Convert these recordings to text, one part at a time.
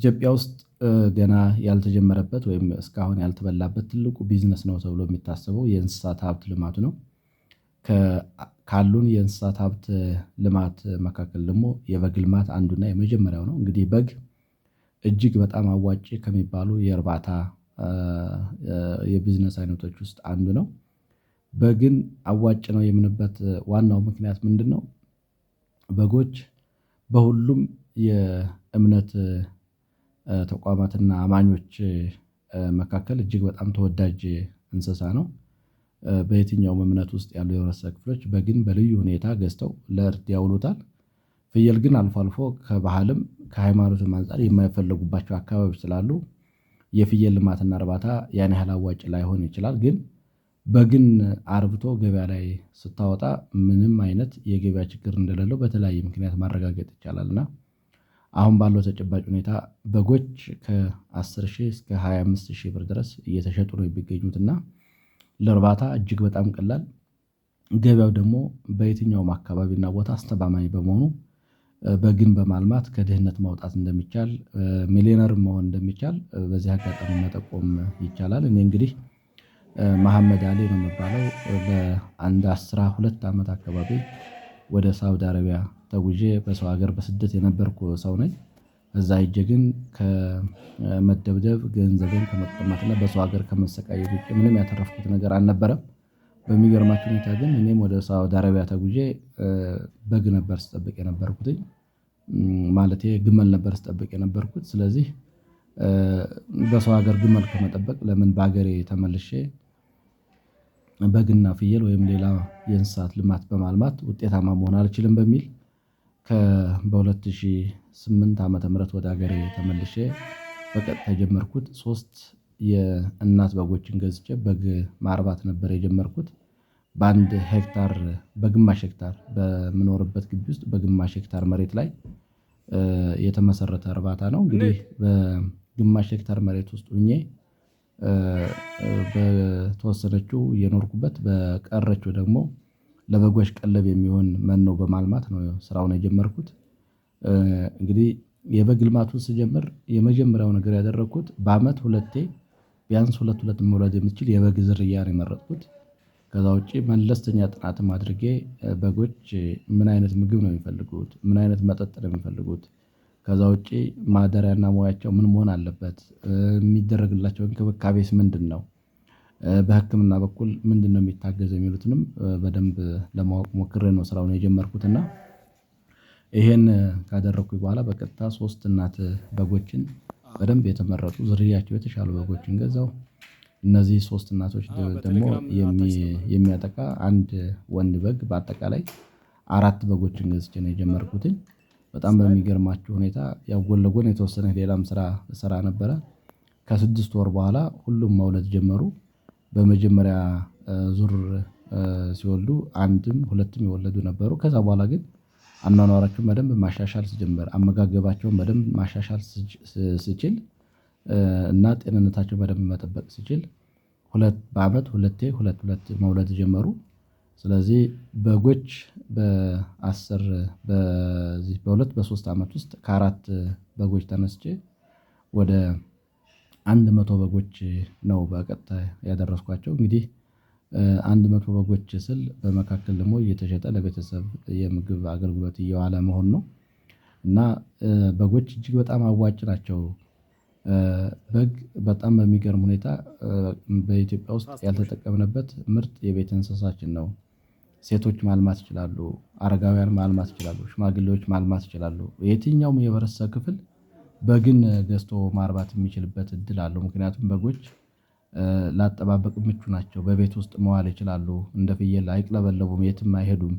ኢትዮጵያ ውስጥ ገና ያልተጀመረበት ወይም እስካሁን ያልተበላበት ትልቁ ቢዝነስ ነው ተብሎ የሚታሰበው የእንስሳት ሀብት ልማቱ ነው። ካሉን የእንስሳት ሀብት ልማት መካከል ደግሞ የበግ ልማት አንዱና የመጀመሪያው ነው። እንግዲህ በግ እጅግ በጣም አዋጭ ከሚባሉ የእርባታ የቢዝነስ አይነቶች ውስጥ አንዱ ነው። በግን አዋጭ ነው የምንበት ዋናው ምክንያት ምንድን ነው? በጎች በሁሉም የእምነት ተቋማትና አማኞች መካከል እጅግ በጣም ተወዳጅ እንስሳ ነው። በየትኛውም እምነት ውስጥ ያሉ የህብረተሰብ ክፍሎች በግን በልዩ ሁኔታ ገዝተው ለእርድ ያውሉታል። ፍየል ግን አልፎ አልፎ ከባህልም ከሃይማኖትም አንፃር የማይፈለጉባቸው አካባቢዎች ስላሉ የፍየል ልማትና እርባታ ያን ያህል አዋጭ ላይሆን ይችላል። ግን በግን አርብቶ ገበያ ላይ ስታወጣ ምንም አይነት የገበያ ችግር እንደሌለው በተለያየ ምክንያት ማረጋገጥ ይቻላል። እና አሁን ባለው ተጨባጭ ሁኔታ በጎች ከአስር ሺህ እስከ 25 ሺህ ብር ድረስ እየተሸጡ ነው የሚገኙት እና ለእርባታ እጅግ በጣም ቀላል ገበያው ደግሞ በየትኛውም አካባቢና ቦታ አስተማማኝ በመሆኑ በግን በማልማት ከድህነት ማውጣት እንደሚቻል ሚሊዮነር መሆን እንደሚቻል በዚህ አጋጣሚ መጠቆም ይቻላል። እኔ እንግዲህ መሐመድ አሊ ነው የምባለው። በአንድ አስራ ሁለት ዓመት አካባቢ ወደ ሳውዲ አረቢያ ተጉዤ በሰው ሀገር በስደት የነበርኩ ሰው ነኝ። እዛ ሄጄ ግን ከመደብደብ ገንዘብን ከመቀማትና በሰው ሀገር ከመሰቃየት ውጭ ምንም ያተረፍኩት ነገር አልነበረም። በሚገርማችሁ ሁኔታ ግን እኔም ወደ ሳውዲ አረቢያ ተጉዤ በግ ነበር ስጠብቅ የነበርኩትኝ። ማለት ግመል ነበር ስጠብቅ የነበርኩት። ስለዚህ በሰው ሀገር ግመል ከመጠበቅ ለምን በሀገሬ ተመልሼ በግና ፍየል ወይም ሌላ የእንስሳት ልማት በማልማት ውጤታማ መሆን አልችልም በሚል በ2008 ዓ ምህረት ወደ ሀገሬ ተመልሼ በቀጥታ የጀመርኩት ሶስት የእናት በጎችን ገዝቼ በግ ማርባት ነበር የጀመርኩት። በአንድ ሄክታር በግማሽ ሄክታር በምኖርበት ግቢ ውስጥ በግማሽ ሄክታር መሬት ላይ የተመሰረተ እርባታ ነው። እንግዲህ በግማሽ ሄክታር መሬት ውስጥ ሁኜ በተወሰነችው የኖርኩበት በቀረችው ደግሞ ለበጎች ቀለብ የሚሆን መኖ በማልማት ነው ስራውን የጀመርኩት። እንግዲህ የበግ ልማቱን ስጀምር የመጀመሪያው ነገር ያደረኩት በአመት ሁለቴ ቢያንስ ሁለት ሁለት መውለድ የምትችል የበግ ዝርያ ነው የመረጥኩት። ከዛ ውጪ መለስተኛ ጥናትም አድርጌ በጎች ምን አይነት ምግብ ነው የሚፈልጉት ምን አይነት መጠጥ ነው የሚፈልጉት? ከዛ ውጪ ማደሪያና ሙያቸው ምን መሆን አለበት? የሚደረግላቸው እንክብካቤስ ነው? በህክምና በኩል ምንድነው የሚታገዘው የሚሉትንም በደንብ ለማወቅ ሞክሬ ነው ስራውን የጀመርኩትና ይሄን ካደረኩኝ በኋላ በቀጥታ ሶስት እናት በጎችን በደንብ የተመረጡ ዝርያቸው የተሻሉ በጎችን ገዛው። እነዚህ ሶስት እናቶች ደግሞ የሚያጠቃ አንድ ወንድ በግ በአጠቃላይ አራት በጎችን ገዝቼ ነው የጀመርኩትኝ። በጣም በሚገርማችሁ ሁኔታ ያው ጎን ለጎን የተወሰነ ሌላም ስራ ነበረ። ከስድስት ወር በኋላ ሁሉም መውለድ ጀመሩ በመጀመሪያ ዙር ሲወልዱ አንድም ሁለትም የወለዱ ነበሩ። ከዛ በኋላ ግን አኗኗራቸውን በደንብ ማሻሻል ስጀምር አመጋገባቸውን በደንብ ማሻሻል ስችል እና ጤንነታቸውን በደንብ መጠበቅ ስችል ሁለት በአመት ሁለቴ ሁለት ሁለት መውለድ ጀመሩ። ስለዚህ በጎች በአስር በዚህ በሁለት በሶስት ዓመት ውስጥ ከአራት በጎች ተነስቼ ወደ አንድ መቶ በጎች ነው በቀጥታ ያደረስኳቸው እንግዲህ አንድ መቶ በጎች ስል በመካከል ደግሞ እየተሸጠ ለቤተሰብ የምግብ አገልግሎት እየዋለ መሆን ነው። እና በጎች እጅግ በጣም አዋጭ ናቸው። በግ በጣም በሚገርም ሁኔታ በኢትዮጵያ ውስጥ ያልተጠቀምንበት ምርጥ የቤት እንስሳችን ነው። ሴቶች ማልማት ይችላሉ አረጋውያን ማልማት ይችላሉ ሽማግሌዎች ማልማት ይችላሉ የትኛውም የህብረተሰብ ክፍል በግን ገዝቶ ማርባት የሚችልበት እድል አለው። ምክንያቱም በጎች ላጠባበቅ ምቹ ናቸው። በቤት ውስጥ መዋል ይችላሉ። እንደ ፍየል አይቅለበለቡም፣ የትም አይሄዱም።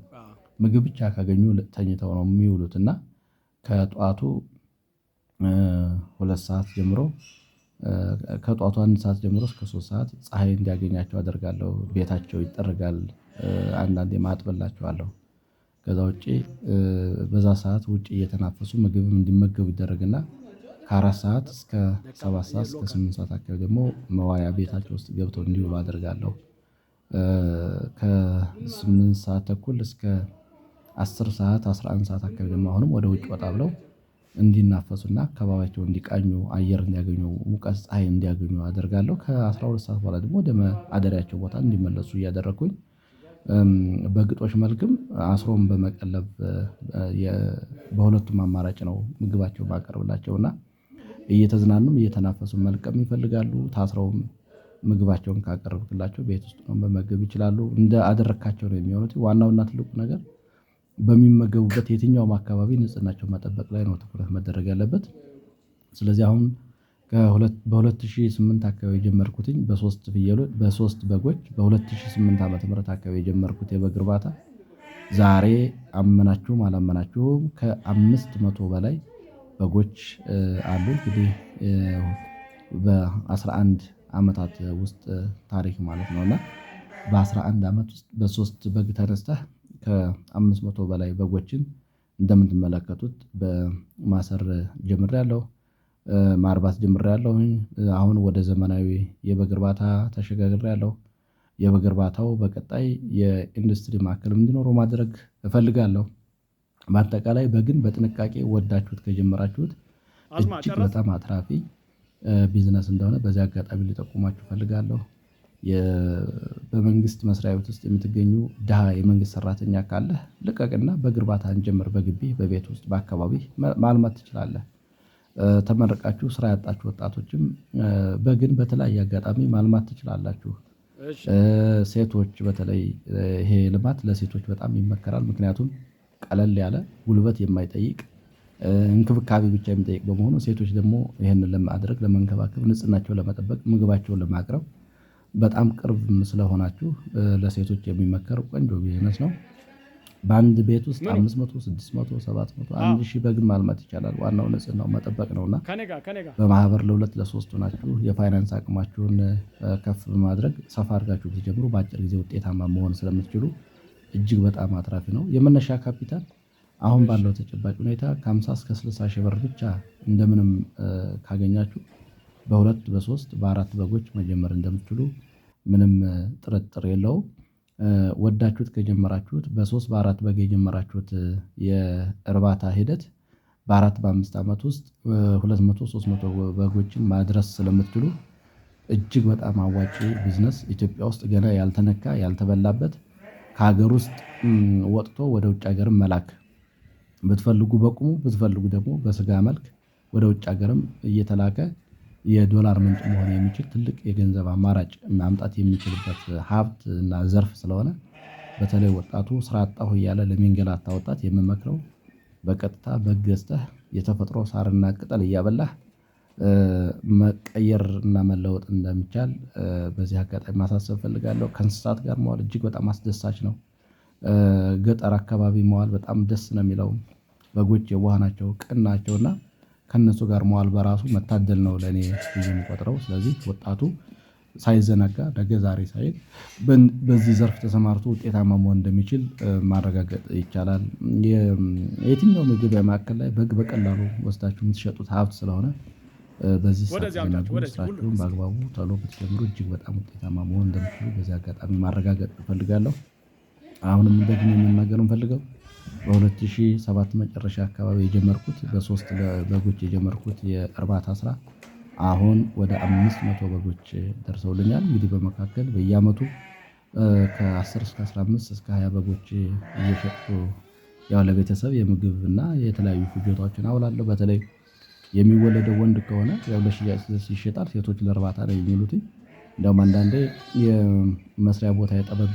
ምግብ ብቻ ካገኙ ተኝተው ነው የሚውሉት እና ከጧቱ ሁለት ሰዓት ጀምሮ ከጠዋቱ አንድ ሰዓት ጀምሮ እስከ ሶስት ሰዓት ፀሐይ እንዲያገኛቸው አደርጋለሁ። ቤታቸው ይጠረጋል። አንዳንዴ ማጥበላቸዋለሁ። ከዛ ውጪ በዛ ሰዓት ውጭ እየተናፈሱ ምግብም እንዲመገቡ ይደረግና ከአራት ሰዓት እስከ ሰባት ሰዓት እስከ ስምንት ሰዓት አካባቢ ደግሞ መዋያ ቤታቸው ውስጥ ገብተው እንዲውሉ አደርጋለሁ። ከስምንት ሰዓት ተኩል እስከ አስር ሰዓት አስራ አንድ ሰዓት አካባቢ ደግሞ አሁንም ወደ ውጭ ወጣ ብለው እንዲናፈሱና አካባቢያቸው እንዲቃኙ አየር እንዲያገኙ ሙቀት ፀሀይ እንዲያገኙ አደርጋለሁ። ከአስራ ሁለት ሰዓት በኋላ ደግሞ ወደ አደሪያቸው ቦታ እንዲመለሱ እያደረግኩኝ በግጦሽ መልክም አስሮም በመቀለብ በሁለቱም አማራጭ ነው ምግባቸውን ማቀርብላቸው እና እየተዝናኑም እየተናፈሱ መልቀም ይፈልጋሉ። ታስረውም ምግባቸውን ካቀረብክላቸው ቤት ውስጥ ነው መመገብ ይችላሉ እንደ አደረካቸው ነው የሚሆኑት። ዋናውና ትልቁ ነገር በሚመገቡበት የትኛውም አካባቢ ንጽህናቸው መጠበቅ ላይ ነው ትኩረት መደረግ ያለበት። ስለዚህ አሁን በ በሁለት አካባቢ የጀመርኩትኝ በሶስት ፍየሎች በሶስት በጎች በ ሺህ ዓ ም አካባቢ የጀመርኩት የበግ እርባታ ዛሬ አመናችሁም አላመናችሁም ከአምስት መቶ በላይ በጎች አሉ። እንግዲህ በ11 ዓመታት ውስጥ ታሪክ ማለት ነው። እና በ11 ዓመት ውስጥ በሶስት በግ ተነስተህ ከ500 በላይ በጎችን እንደምትመለከቱት በማሰር ጀምሬያለሁ። ማርባት ያለው አሁን ወደ ዘመናዊ የበግ እርባታ ተሸጋግሬያለሁ። የበግ እርባታው በቀጣይ የኢንዱስትሪ ማዕከል እንዲኖረው ማድረግ እፈልጋለሁ በአጠቃላይ በግን በጥንቃቄ ወዳችሁት ከጀመራችሁት እጅግ በጣም አትራፊ ቢዝነስ እንደሆነ በዚህ አጋጣሚ ልጠቁማችሁ ፈልጋለሁ በመንግስት መስሪያ ቤት ውስጥ የምትገኙ ድሃ የመንግስት ሰራተኛ ካለህ ልቀቅና በግርባታ እንጀምር። በግቢ በቤት ውስጥ በአካባቢ ማልማት ትችላለህ። ተመረቃችሁ ስራ ያጣችሁ ወጣቶችም በግን በተለያየ አጋጣሚ ማልማት ትችላላችሁ። ሴቶች በተለይ ይሄ ልማት ለሴቶች በጣም ይመከራል። ምክንያቱም ቀለል ያለ ጉልበት የማይጠይቅ እንክብካቤ ብቻ የሚጠይቅ በመሆኑ ሴቶች ደግሞ ይህንን ለማድረግ ለመንከባከብ ንጽህናቸውን ለመጠበቅ ምግባቸውን ለማቅረብ በጣም ቅርብ ስለሆናችሁ ለሴቶች የሚመከር ቆንጆ ቢዝነስ ነው። በአንድ ቤት ውስጥ አምስት መቶ ስድስት መቶ ሰባት መቶ አንድ ሺህ በግ ማልማት ይቻላል። ዋናው ንጽህናው መጠበቅ ነውና በማህበር ለሁለት ለሶስት ሆናችሁ የፋይናንስ አቅማችሁን ከፍ በማድረግ ሰፋ አድርጋችሁ ብትጀምሩ በአጭር ጊዜ ውጤታማ መሆን ስለምትችሉ እጅግ በጣም አትራፊ ነው። የመነሻ ካፒታል አሁን ባለው ተጨባጭ ሁኔታ ከ50 እስከ 60 ሺህ ብር ብቻ እንደምንም ካገኛችሁ በሁለት በሶስት በአራት በጎች መጀመር እንደምትችሉ ምንም ጥርጥር የለው ወዳችሁት ከጀመራችሁት በሶስት በአራት በግ የጀመራችሁት የእርባታ ሂደት በአራት በአምስት ዓመት ውስጥ ሁለት መቶ ሶስት መቶ በጎችን ማድረስ ስለምትችሉ እጅግ በጣም አዋጪ ቢዝነስ ኢትዮጵያ ውስጥ ገና ያልተነካ ያልተበላበት ከሀገር ውስጥ ወጥቶ ወደ ውጭ ሀገርም መላክ ብትፈልጉ በቁሙ ብትፈልጉ ደግሞ በስጋ መልክ ወደ ውጭ ሀገርም እየተላከ የዶላር ምንጭ መሆን የሚችል ትልቅ የገንዘብ አማራጭ ማምጣት የሚችልበት ሀብት እና ዘርፍ ስለሆነ በተለይ ወጣቱ ስራ አጣሁ እያለ ለሚንገላታ ወጣት የምመክረው በቀጥታ በግ ገዝተህ የተፈጥሮ ሳርና ቅጠል እያበላህ መቀየር እና መለወጥ እንደሚቻል በዚህ አጋጣሚ ማሳሰብ ፈልጋለሁ ከእንስሳት ጋር መዋል እጅግ በጣም አስደሳች ነው። ገጠር አካባቢ መዋል በጣም ደስ ነው የሚለው። በጎች የዋህ ናቸው ቅን ናቸው እና ከእነሱ ጋር መዋል በራሱ መታደል ነው ለእኔ የሚቆጥረው። ስለዚህ ወጣቱ ሳይዘናጋ ነገ ዛሬ ሳይል በዚህ ዘርፍ ተሰማርቶ ውጤታማ መሆን እንደሚችል ማረጋገጥ ይቻላል። የትኛው ምግብ ማዕከል ላይ በግ በቀላሉ ወስዳችሁ የምትሸጡት ሀብት ስለሆነ በዚህ ስራችሁን በአግባቡ ቶሎ ብትጀምሩ እጅግ በጣም ውጤታማ መሆን እንደምትችሉ በዚህ አጋጣሚ ማረጋገጥ እፈልጋለሁ። አሁንም ደግሞ የምናገር እንፈልገው በ2007 መጨረሻ አካባቢ የጀመርኩት በሶስት በጎች የጀመርኩት የእርባታ ስራ አሁን ወደ አምስት መቶ በጎች ደርሰውልኛል። እንግዲህ በመካከል በየአመቱ ከ10 እስከ 15 እስከ 20 በጎች እየሸጡ ያው ለቤተሰብ የምግብ እና የተለያዩ ፍጆታዎችን አውላለሁ በተለይ የሚወለደው ወንድ ከሆነ ያው ለሽያጭ ይሸጣል። ሴቶች ለእርባታ ነው የሚሉት እንደውም አንዳንዴ የመስሪያ ቦታ የጠበብ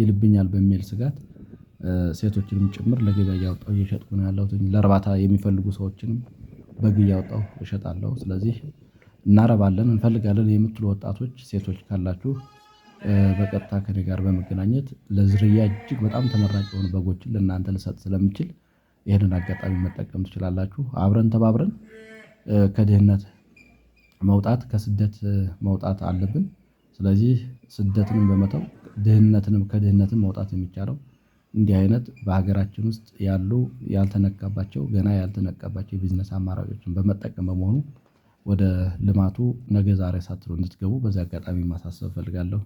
ይልብኛል በሚል ስጋት ሴቶችንም ጭምር ለገበያ እያወጣው እየሸጥኩ ነው ያለሁት። ለእርባታ የሚፈልጉ ሰዎችንም በግ እያወጣው እሸጣለሁ። ስለዚህ እናረባለን እንፈልጋለን የምትሉ ወጣቶች ሴቶች ካላችሁ በቀጥታ ከኔ ጋር በመገናኘት ለዝርያ እጅግ በጣም ተመራጭ የሆኑ በጎችን ለእናንተ ልሰጥ ስለምችል ይህንን አጋጣሚ መጠቀም ትችላላችሁ። አብረን ተባብረን ከድህነት መውጣት ከስደት መውጣት አለብን። ስለዚህ ስደትንም በመተው ድህነትንም ከድህነትም መውጣት የሚቻለው እንዲህ አይነት በሀገራችን ውስጥ ያሉ ያልተነቃባቸው ገና ያልተነቀባቸው የቢዝነስ አማራጮችን በመጠቀም በመሆኑ ወደ ልማቱ ነገ ዛሬ ሳትሉ እንድትገቡ በዚህ አጋጣሚ ማሳሰብ እፈልጋለሁ